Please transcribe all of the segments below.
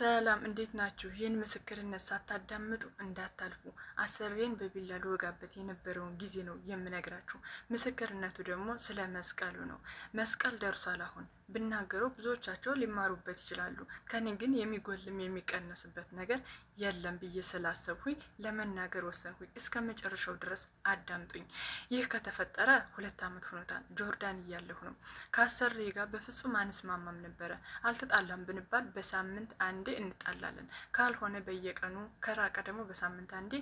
ሰላም እንዴት ናችሁ? ይህን ምስክርነት ሳታዳምጡ እንዳታልፉ። አሰሬን በቢላ ልወጋበት የነበረውን ጊዜ ነው የምነግራችሁ። ምስክርነቱ ደግሞ ስለ መስቀሉ ነው። መስቀል ደርሷል አሁን ብናገረው ብዙዎቻቸው ሊማሩበት ይችላሉ። ከኔ ግን የሚጎልም የሚቀነስበት ነገር የለም ብዬ ስላሰብኩኝ ለመናገር ወሰንኩኝ። እስከ መጨረሻው ድረስ አዳምጡኝ። ይህ ከተፈጠረ ሁለት ዓመት ሆኖታል። ጆርዳን እያለሁ ነው። ከአሰሪ ጋር በፍጹም አንስማማም ነበረ። አልተጣላም ብንባል በሳምንት አንዴ እንጣላለን፣ ካልሆነ በየቀኑ ከራቀ ደግሞ በሳምንት አንዴ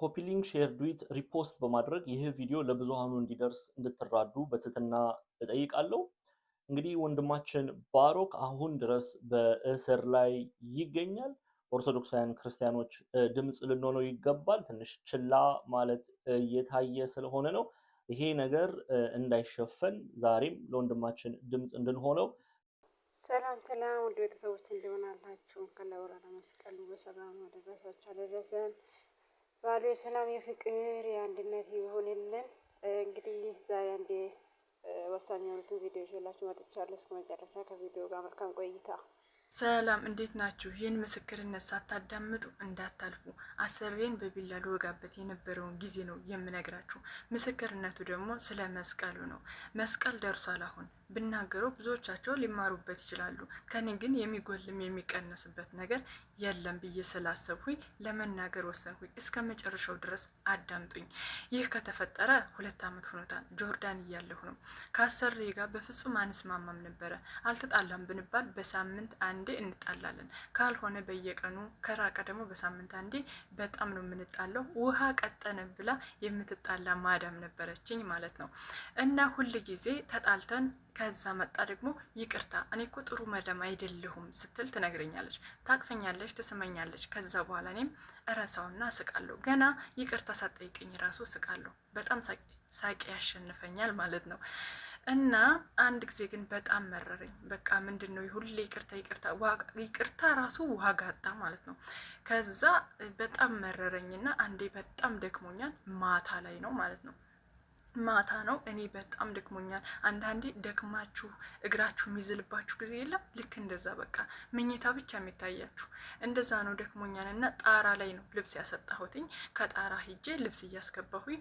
ኮፒ ሊንክ፣ ሼር፣ ዱዊት፣ ሪፖስት በማድረግ ይህ ቪዲዮ ለብዙሃኑ እንዲደርስ እንድትራዱ በትህትና እጠይቃለሁ። እንግዲህ ወንድማችን ባሮክ አሁን ድረስ በእስር ላይ ይገኛል። ኦርቶዶክሳውያን ክርስቲያኖች ድምፅ ልንሆነው ይገባል። ትንሽ ችላ ማለት እየታየ ስለሆነ ነው። ይሄ ነገር እንዳይሸፈን ዛሬም ለወንድማችን ድምፅ እንድንሆነው። ሰላም ሰላም፣ ውድ ቤተሰቦች እንደምን አላችሁ? ከለውራ ለመስቀሉ በሰላም አደረሳችሁ አደረሰን። ባሉ የሰላም የፍቅር የአንድነት ይሆንልን። እንግዲህ ዛሬ አንዴ ወሳኝ የሆኑት ቪዲዮ የላችሁ መጥቻለሁ። እስከ መጨረሻ ከቪዲዮ ጋር መልካም ቆይታ። ሰላም እንዴት ናችሁ? ይህን ምስክርነት ሳታዳምጡ እንዳታልፉ። አሰሬን በቢላ ልወጋበት የነበረውን ጊዜ ነው የምነግራችሁ። ምስክርነቱ ደግሞ ስለ መስቀሉ ነው። መስቀል ደርሷል አሁን ብናገረው ብዙዎቻቸው ሊማሩበት ይችላሉ። ከኔ ግን የሚጎልም የሚቀነስበት ነገር የለም ብዬ ስላሰብኩኝ ለመናገር ወሰንኩኝ። እስከ መጨረሻው ድረስ አዳምጡኝ። ይህ ከተፈጠረ ሁለት ዓመት ሆኖታል። ጆርዳን እያለሁ ነው። ከአሰሪ ጋር በፍጹም አንስማማም ነበረ። አልተጣላም ብንባል በሳምንት አንዴ እንጣላለን፣ ካልሆነ በየቀኑ ከራቀ ደግሞ በሳምንት አንዴ በጣም ነው የምንጣለው። ውሃ ቀጠነ ብላ የምትጣላ ማዳም ነበረችኝ ማለት ነው እና ሁል ጊዜ ተጣልተን ከዛ መጣ ደግሞ ይቅርታ እኔ እኮ ጥሩ መደም አይደለሁም ስትል ትነግረኛለች። ታቅፈኛለች፣ ትስመኛለች። ከዛ በኋላ እኔም እረሳውና ስቃለሁ። ገና ይቅርታ ሳጠይቀኝ ራሱ ስቃለሁ። በጣም ሳቂ ያሸንፈኛል ማለት ነው። እና አንድ ጊዜ ግን በጣም መረረኝ። በቃ ምንድን ነው ሁሌ ይቅርታ ይቅርታ ይቅርታ ራሱ ዋጋ አጣ ማለት ነው። ከዛ በጣም መረረኝና አንዴ በጣም ደክሞኛል። ማታ ላይ ነው ማለት ነው ማታ ነው። እኔ በጣም ደክሞኛል። አንዳንዴ ደክማችሁ እግራችሁ የሚዝልባችሁ ጊዜ የለም። ልክ እንደዛ በቃ ምኝታ ብቻ የሚታያችሁ እንደዛ ነው። ደክሞኛል እና ጣራ ላይ ነው ልብስ ያሰጣሁትኝ። ከጣራ ሂጄ ልብስ እያስገባሁኝ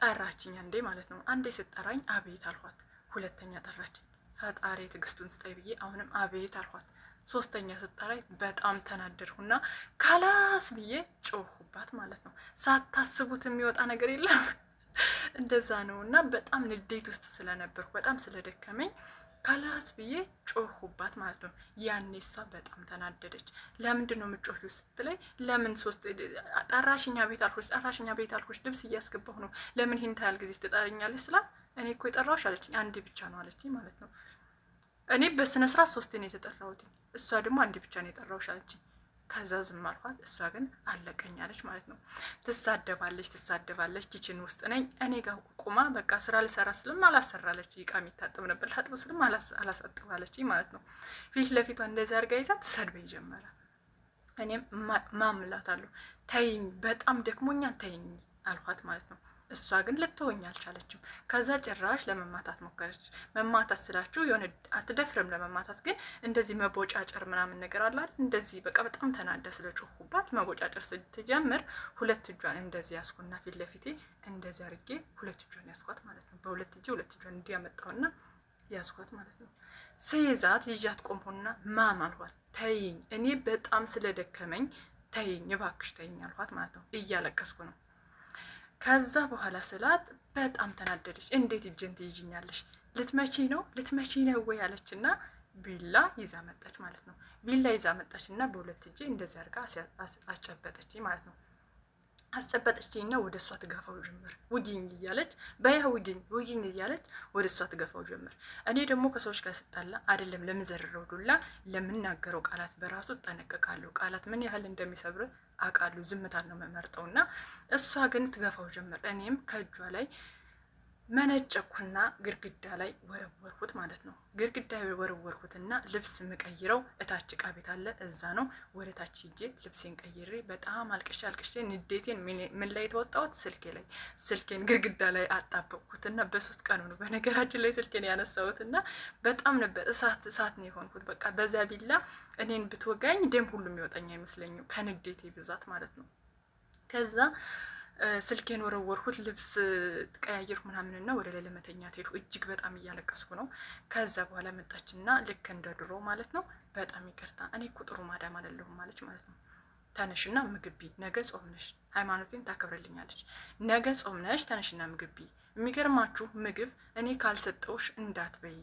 ጠራችኝ። አንዴ ማለት ነው። አንዴ ስጠራኝ አቤት አልኋት። ሁለተኛ ጠራችኝ። ፈጣሪ ትዕግስቱን ስጠይ ብዬ አሁንም አቤት አልኋት። ሶስተኛ ስጠራኝ በጣም ተናደርሁና ካላስ ብዬ ጮሁባት ማለት ነው። ሳታስቡት የሚወጣ ነገር የለም እንደዛ ነው እና በጣም ንዴት ውስጥ ስለነበርኩ በጣም ስለደከመኝ ካላስ ብዬ ጮሁባት ማለት ነው። ያኔ እሷ በጣም ተናደደች። ለምንድን ነው የምጮሂው ስትለኝ ለምን ሶስት ጠራሽኛ ቤት አልኩሽ ጠራሽኛ ቤት አልኩሽ ልብስ እያስገባሁ ነው ለምን ይህን ታያል ጊዜ ትጠሪኛለች ስላት እኔ እኮ የጠራሁሽ አለችኝ አንድ ብቻ ነው አለችኝ ማለት ነው። እኔ በስነ ስርዓት ሶስቴ ነው የተጠራሁት እሷ ደግሞ አንድ ብቻ ነው የጠራሁሽ አለችኝ። ከዛ ዝም አልኳት። እሷ ግን አለቀኛለች ማለት ነው። ትሳደባለች ትሳደባለች። ኪችን ውስጥ ነኝ እኔ ጋር ቁማ በቃ ስራ ልሰራ ስልም አላሰራለች። እቃ የሚታጥብ ነበር ታጥብ ስልም አላሳጥባለች ማለት ነው። ፊት ለፊቷ እንደዚህ አድርጋ ይዛ ትሰድበኝ ጀመረ። እኔም ማምላት አለሁ ተይኝ፣ በጣም ደክሞኛ ተይኝ አልኳት ማለት ነው። እሷ ግን ልትሆኝ አልቻለችም። ከዛ ጭራሽ ለመማታት ሞከረች። መማታት ስላችሁ የሆነ አትደፍርም ለመማታት፣ ግን እንደዚህ መቦጫጨር ምናምን ነገር አላል። እንደዚህ በቃ በጣም ተናደ ስለጮሁባት መቦጫጨር ስትጀምር ሁለት እጇን እንደዚህ ያስኩና ፊት ለፊቴ እንደዚህ አድርጌ ሁለት እጇን ያስኳት ማለት ነው። በሁለት እጄ ሁለት እጇን እንዲያመጣሁና ያስኳት ማለት ነው። ስይዛት ይዣት ቆምኩና ማም አልኳት። ተይኝ እኔ በጣም ስለደከመኝ ተይኝ፣ እባክሽ ተይኝ አልኋት ማለት ነው። እያለቀስኩ ነው ከዛ በኋላ ስላት በጣም ተናደደች። እንዴት እጅን ትይዥኛለሽ? ልትመቺ ነው ልትመቺ ነው ወይ አለች እና ቢላ ይዛ መጣች ማለት ነው። ቢላ ይዛ መጣች እና በሁለት እጄ እንደዚህ አድርጋ አስጨበጠች ማለት ነው። አስጨበጠችኝና ወደ እሷ ትገፋው ጀመር። ውጊኝ እያለች በያ ውጊኝ ውጊኝ እያለች ወደ እሷ ትገፋው ጀመር። እኔ ደግሞ ከሰዎች ጋር ስጣላ አይደለም ለምዘረረው ዱላ፣ ለምናገረው ቃላት በራሱ እጠነቀቃለሁ። ቃላት ምን ያህል እንደሚሰብር አውቃለሁ። ዝምታን ነው የምመርጠው እና እሷ ግን ትገፋው ጀመር። እኔም ከእጇ ላይ መነጨኩና ግድግዳ ላይ ወረወርኩት ማለት ነው። ግድግዳ ወረወርኩትና ልብስ የምቀይረው እታች ዕቃ ቤት አለ፣ እዛ ነው። ወደ ታች ሂጄ ልብሴን ቀይሬ በጣም አልቅሼ አልቅሼ ንዴቴን ምን ላይ የተወጣሁት ስልኬ ላይ ስልኬን ግድግዳ ላይ አጣበቅኩትና በሶስት ቀኑ ነው በነገራችን ላይ ስልኬን ያነሳሁትና በጣም ነበር እሳት እሳት ነው የሆንኩት። በቃ በዛ ቢላ እኔን ብትወጋኝ ደም ሁሉም የሚወጣኝ አይመስለኝም ከንዴቴ ብዛት ማለት ነው ከዛ ስልኬን ወረወርኩት፣ ልብስ ቀያየርኩ ምናምንና ወደ ላይ ለመተኛት ሄድኩ። እጅግ በጣም እያለቀስኩ ነው። ከዛ በኋላ መጣችና ልክ እንደ ድሮ ማለት ነው። በጣም ይቅርታ እኔ እኮ ጥሩ ማዳም አይደለሁም ማለች ማለት ነው። ተነሽና ምግቢ፣ ነገ ጾም ነሽ፣ ሃይማኖቴን ታከብረልኛለች። ነገ ጾም ነሽ፣ ተነሽና ምግቢ። የሚገርማችሁ ምግብ እኔ ካልሰጠውሽ እንዳትበይ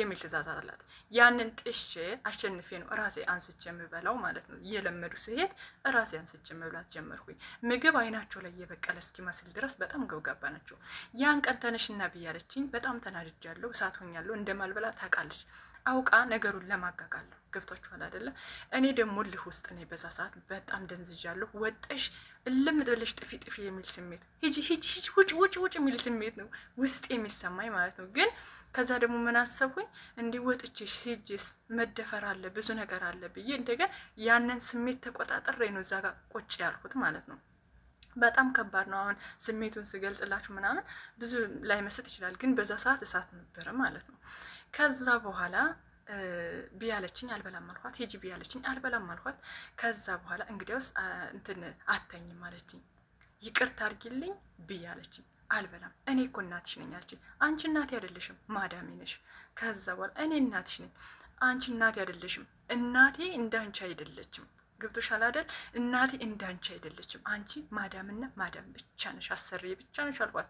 የሚል ትእዛዝ አላት። ያንን ጥሼ አሸንፌ ነው እራሴ አንስቼ የምበላው ማለት ነው። እየለመዱ ስሄድ እራሴ አንስቼ መብላት ጀመርኩኝ። ምግብ አይናቸው ላይ የበቀለ እስኪመስል ድረስ በጣም ገብጋባ ናቸው። ያን ቀን ተነሽና ብያለችኝ። በጣም ተናድጃለሁ፣ እሳት ሆኛለሁ። እንደማልበላ ታውቃለች። አውቃ ነገሩን ለማጋጋል ነው። ገብቷችኋል አይደለ? እኔ ደግሞ ልህ ውስጥ ነኝ። በዛ ሰዓት በጣም ደንዝዣለሁ። ወጠሽ እልምጥ ብለሽ ጥፊ ጥፊ የሚል ስሜት ሂጂ ሂጂ ሂጂ ውጭ ውጭ ውጭ የሚል ስሜት ነው ውስጥ የሚሰማኝ ማለት ነው። ግን ከዛ ደግሞ ምን አሰብኩኝ እንዲህ ወጥቼ ሂጂስ መደፈር አለ ብዙ ነገር አለ ብዬ እንደገና ያንን ስሜት ተቆጣጠሬ ነው እዛ ጋር ቁጭ ያልኩት ማለት ነው። በጣም ከባድ ነው። አሁን ስሜቱን ስገልጽላችሁ ምናምን ብዙ መስጥ ይችላል፣ ግን በዛ ሰዓት እሳት ነበረ ማለት ነው። ከዛ በኋላ ቢያለችኝ አልበላም አልኳት። ሂጂ ቢያለችኝ አልበላም አልኳት። ከዛ በኋላ እንግዲያውስ እንትን አተኝም አለችኝ። ይቅርታ አርጊልኝ ብያለችኝ። አልበላም እኔ እኮ እናትሽ ነኝ አለችኝ። አንቺ እናቴ አይደለሽም ማዳሜ ነሽ። ከዛ በኋላ እኔ እናትሽ ነኝ፣ አንቺ እናቴ አይደለሽም፣ እናቴ እንዳንቺ አይደለችም ገብቶሻል አይደል? እናቴ እንዳንቺ አይደለችም። አንቺ ማዳምና ማዳም ብቻ ነሽ፣ አሰሪ ብቻ ነሽ አልኳት።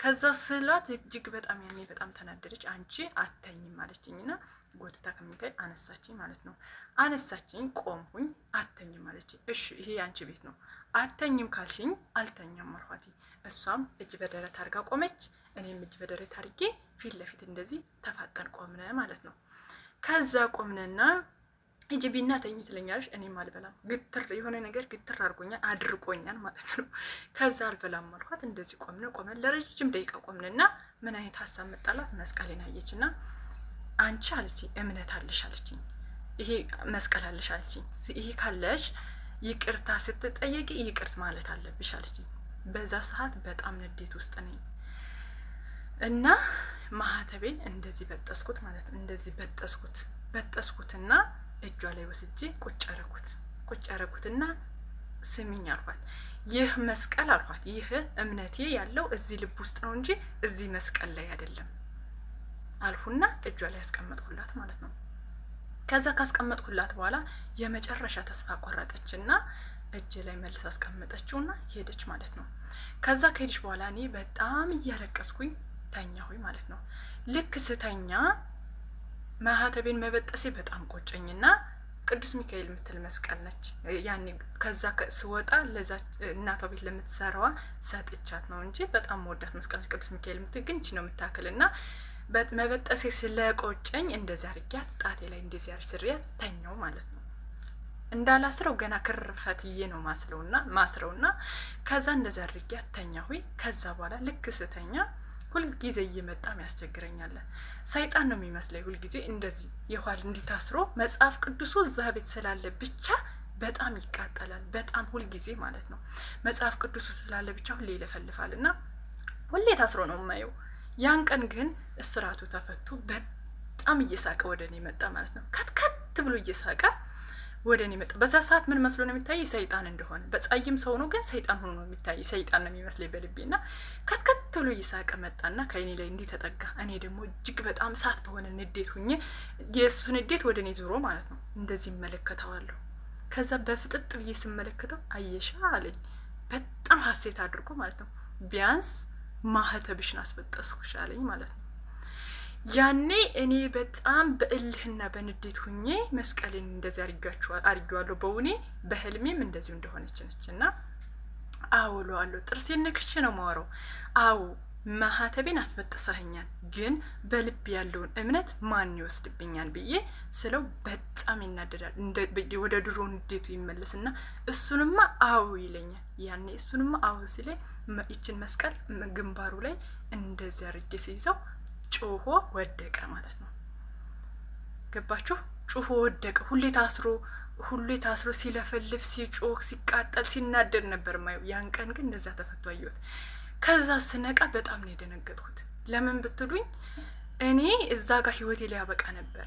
ከዛ ስላት እጅግ በጣም ያኔ በጣም ተናደደች። አንቺ አተኝም አለችኝና ጎትታ ከሚታይ አነሳችኝ ማለት ነው። አነሳችኝ፣ ቆምሁኝ፣ አተኝም አለችኝ። እሺ ይሄ የአንቺ ቤት ነው፣ አተኝም ካልሽኝ አልተኛም አልኳት። እሷም እጅ በደረት አድርጋ ቆመች፣ እኔም እጅ በደረት አድርጌ ፊት ለፊት እንደዚህ ተፋጠን ቆምነ ማለት ነው። ከዛ ቆምነና ቢና ተኝ ትለኛለሽ። እኔም አልበላም። ግትር የሆነ ነገር ግትር አድርጎኛል አድርቆኛል ማለት ነው። ከዛ አልበላም አልኳት። እንደዚህ ቆምን ቆመን ለረጅም ደቂቃ ቆምንና ምን አይነት ሀሳብ መጣላት መስቀሌን አየች እና አንቺ አለችኝ እምነት አለሽ አለችኝ። ይሄ መስቀል አለሽ አለችኝ። ይሄ ካለሽ ይቅርታ ስትጠየቂ ይቅርት ማለት አለብሽ አለችኝ። በዛ ሰዓት በጣም ንዴት ውስጥ ነኝ እና ማህተቤን እንደዚህ በጠስኩት ማለት ነው። እንደዚህ በጠስኩት በጠስኩትና እጇ ላይ ወስጄ ቁጭ አረኩት ቁጭ አረኩትና ስሚኝ አልኳት። ይህ መስቀል አልኳት፣ ይህ እምነቴ ያለው እዚህ ልብ ውስጥ ነው እንጂ እዚህ መስቀል ላይ አይደለም አልሁና እጇ ላይ ያስቀመጥኩላት ማለት ነው። ከዛ ካስቀመጥኩላት በኋላ የመጨረሻ ተስፋ ቆረጠችና እጅ ላይ መልስ አስቀመጠችውና ሄደች ማለት ነው። ከዛ ከሄደች በኋላ እኔ በጣም እያለቀስኩኝ ተኛሁኝ ማለት ነው። ልክ ስተኛ ማህተቤን መበጠሴ በጣም ቆጨኝና ቅዱስ ሚካኤል የምትል መስቀል ነች። ያኔ ከዛ ስወጣ ለዛ እናቷ ቤት ለምትሰራዋ ሰጥቻት ነው እንጂ በጣም መወዳት መስቀል ነች። ቅዱስ ሚካኤል የምትል ግን ይቺ ነው የምታክል እና መበጠሴ ስለቆጨኝ እንደዚህ አርጊያት ጣቴ ላይ እንደዚህ አርግ ስሪያት ተኛው ማለት ነው። እንዳላስረው ገና ክርፈት ዬ ነው ማስረውና ማስረውና ከዛ እንደዚህ አርጊያት ተኛ ሆይ ከዛ በኋላ ልክ ስተኛ ሁልጊዜ እየመጣም ያስቸግረኛል። ሰይጣን ነው የሚመስለኝ ሁልጊዜ እንደዚህ የኋል እንዲታስሮ መጽሐፍ ቅዱሱ እዛ ቤት ስላለ ብቻ በጣም ይቃጠላል። በጣም ሁልጊዜ ማለት ነው መጽሐፍ ቅዱሱ ስላለ ብቻ ሁሌ ይለፈልፋል እና ሁሌ ታስሮ ነው የማየው። ያን ቀን ግን እስራቱ ተፈቶ በጣም እየሳቀ ወደ እኔ መጣ ማለት ነው። ከትከት ብሎ እየሳቀ ወደ እኔ መጣ። በዛ ሰዓት ምን መስሎ ነው የሚታይ? ሰይጣን እንደሆነ በጸይም ሰው ነው ግን ሰይጣን ሆኖ ነው የሚታይ። ሰይጣን ነው የሚመስለኝ በልቤ እና ከትከት ብሎ እየሳቀ መጣና ከእኔ ላይ እንዲህ ተጠጋ። እኔ ደግሞ እጅግ በጣም ሰዓት በሆነ ንዴት ሁኜ የእሱ ንዴት ወደ እኔ ዙሮ ማለት ነው እንደዚህ እመለከተዋለሁ። ከዛ በፍጥጥ ብዬ ስመለከተው አየሻ አለኝ። በጣም ሀሴት አድርጎ ማለት ነው ቢያንስ ማህተብሽን አስበጠስኩሽ አለኝ ማለት ነው። ያኔ እኔ በጣም በእልህና በንዴት ሁኜ መስቀልን እንደዚህ አድርጌዋለሁ። በውኔ በህልሜም እንደዚሁ እንደሆነች ነች እና አውለዋለሁ። ጥርሴን ነክሼ ነው ማወራው። አው ማህተቤን አስበጥሰኸኛል፣ ግን በልብ ያለውን እምነት ማን ይወስድብኛል ብዬ ስለው በጣም ይናደዳል። ወደ ድሮ ንዴቱ ይመለስና እሱንማ አው ይለኛል። ያኔ እሱንማ አው ሲለኝ ይችን መስቀል ግንባሩ ላይ እንደዚህ አርጌ ሲይዘው ጮሆ ወደቀ ማለት ነው። ገባችሁ? ጮሆ ወደቀ። ሁሌ ታስሮ ሁሌ ታስሮ ሲለፈልፍ፣ ሲጮህ፣ ሲቃጠል፣ ሲናደድ ነበር ማየው። ያን ቀን ግን እንደዛ ተፈቶ አየሁት። ከዛ ስነቃ በጣም ነው የደነገጥኩት። ለምን ብትሉኝ እኔ እዛ ጋር ህይወቴ ሊያበቃ ነበረ።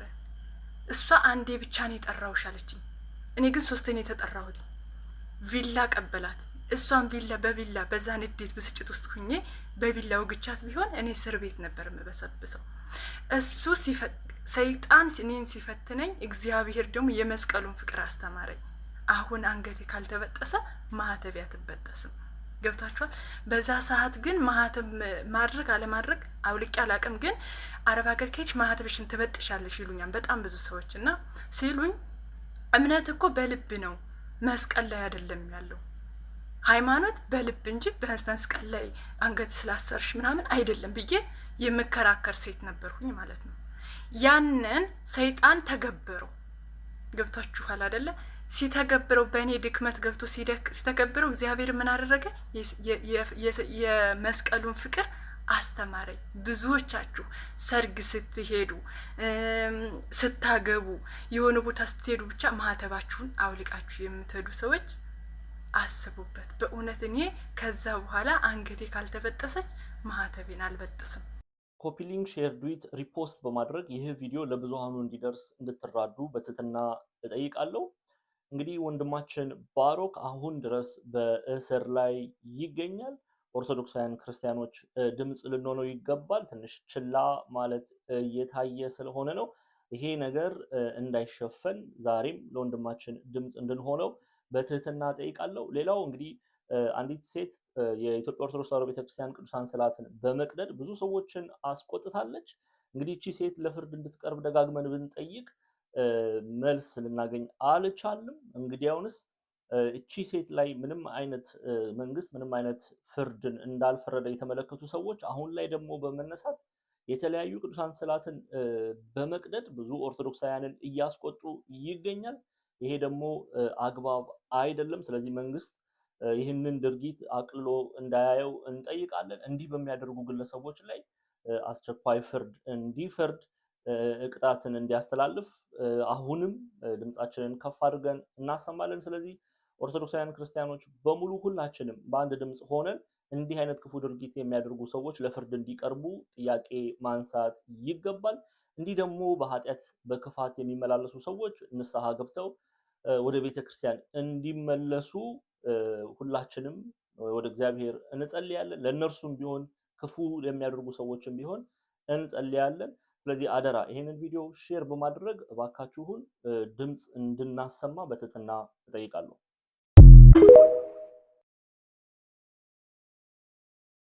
እሷ አንዴ ብቻ ነው የጠራሁሽ አለችኝ። እኔ ግን ሶስቴ ነው የተጠራሁት። ቪላ ቀበላት እሷን ቪላ በቪላ በዛ ንዴት ብስጭት ውስጥ ሁኜ በቪላ ውግቻት ቢሆን እኔ እስር ቤት ነበር የምበሰብሰው። እሱ ሰይጣን እኔን ሲፈትነኝ፣ እግዚአብሔር ደግሞ የመስቀሉን ፍቅር አስተማረኝ። አሁን አንገቴ ካልተበጠሰ ማህተብ አትበጠስም። ገብታችኋል? በዛ ሰዓት ግን ማህተብ ማድረግ አለማድረግ አውልቄ አላቅም። ግን አረብ ሀገር ከች ማህተብሽን ትበጥሻለሽ ይሉኛል በጣም ብዙ ሰዎች እና ሲሉኝ፣ እምነት እኮ በልብ ነው መስቀል ላይ አይደለም ያለው ሃይማኖት በልብ እንጂ በመስቀል ላይ አንገት ስላሰርሽ ምናምን አይደለም ብዬ የምከራከር ሴት ነበርኩኝ ማለት ነው። ያንን ሰይጣን ተገበረው። ገብቷችኋል አደለ? ሲተገብረው በእኔ ድክመት ገብቶ ሲተገብረው እግዚአብሔር ምን አደረገ? የመስቀሉን ፍቅር አስተማረኝ። ብዙዎቻችሁ ሰርግ ስትሄዱ፣ ስታገቡ፣ የሆነ ቦታ ስትሄዱ ብቻ ማህተባችሁን አውልቃችሁ የምትሄዱ ሰዎች አስቡበት። በእውነት እኔ ከዛ በኋላ አንገቴ ካልተበጠሰች ማህተቤን አልበጥስም። ኮፒሊንግ፣ ሼር፣ ዱዊት፣ ሪፖስት በማድረግ ይህ ቪዲዮ ለብዙሃኑ እንዲደርስ እንድትራዱ በትህትና እጠይቃለሁ። እንግዲህ ወንድማችን ባሮክ አሁን ድረስ በእስር ላይ ይገኛል። ኦርቶዶክሳውያን ክርስቲያኖች ድምፅ ልንሆነው ይገባል። ትንሽ ችላ ማለት እየታየ ስለሆነ ነው። ይሄ ነገር እንዳይሸፈን ዛሬም ለወንድማችን ድምፅ እንድንሆነው በትህትና ጠይቃለሁ። ሌላው እንግዲህ አንዲት ሴት የኢትዮጵያ ኦርቶዶክስ ተዋሕዶ ቤተክርስቲያን ቅዱሳን ስዕላትን በመቅደድ ብዙ ሰዎችን አስቆጥታለች። እንግዲህ እቺ ሴት ለፍርድ እንድትቀርብ ደጋግመን ብንጠይቅ መልስ ልናገኝ አልቻልም። እንግዲህ አሁንስ እቺ ሴት ላይ ምንም አይነት መንግስት ምንም አይነት ፍርድን እንዳልፈረደ የተመለከቱ ሰዎች አሁን ላይ ደግሞ በመነሳት የተለያዩ ቅዱሳን ስዕላትን በመቅደድ ብዙ ኦርቶዶክሳውያንን እያስቆጡ ይገኛል። ይሄ ደግሞ አግባብ አይደለም። ስለዚህ መንግስት ይህንን ድርጊት አቅልሎ እንዳያየው እንጠይቃለን። እንዲህ በሚያደርጉ ግለሰቦች ላይ አስቸኳይ ፍርድ እንዲፈርድ ቅጣትን እንዲያስተላልፍ አሁንም ድምፃችንን ከፍ አድርገን እናሰማለን። ስለዚህ ኦርቶዶክሳውያን ክርስቲያኖች በሙሉ ሁላችንም በአንድ ድምፅ ሆነን እንዲህ አይነት ክፉ ድርጊት የሚያደርጉ ሰዎች ለፍርድ እንዲቀርቡ ጥያቄ ማንሳት ይገባል። እንዲህ ደግሞ በኃጢአት በክፋት የሚመላለሱ ሰዎች ንስሐ ገብተው ወደ ቤተ ክርስቲያን እንዲመለሱ ሁላችንም ወደ እግዚአብሔር እንጸልያለን። ለእነርሱም ቢሆን ክፉ የሚያደርጉ ሰዎችም ቢሆን እንጸልያለን። ስለዚህ አደራ ይህንን ቪዲዮ ሼር በማድረግ እባካችሁን ድምፅ እንድናሰማ በትህትና እጠይቃለሁ።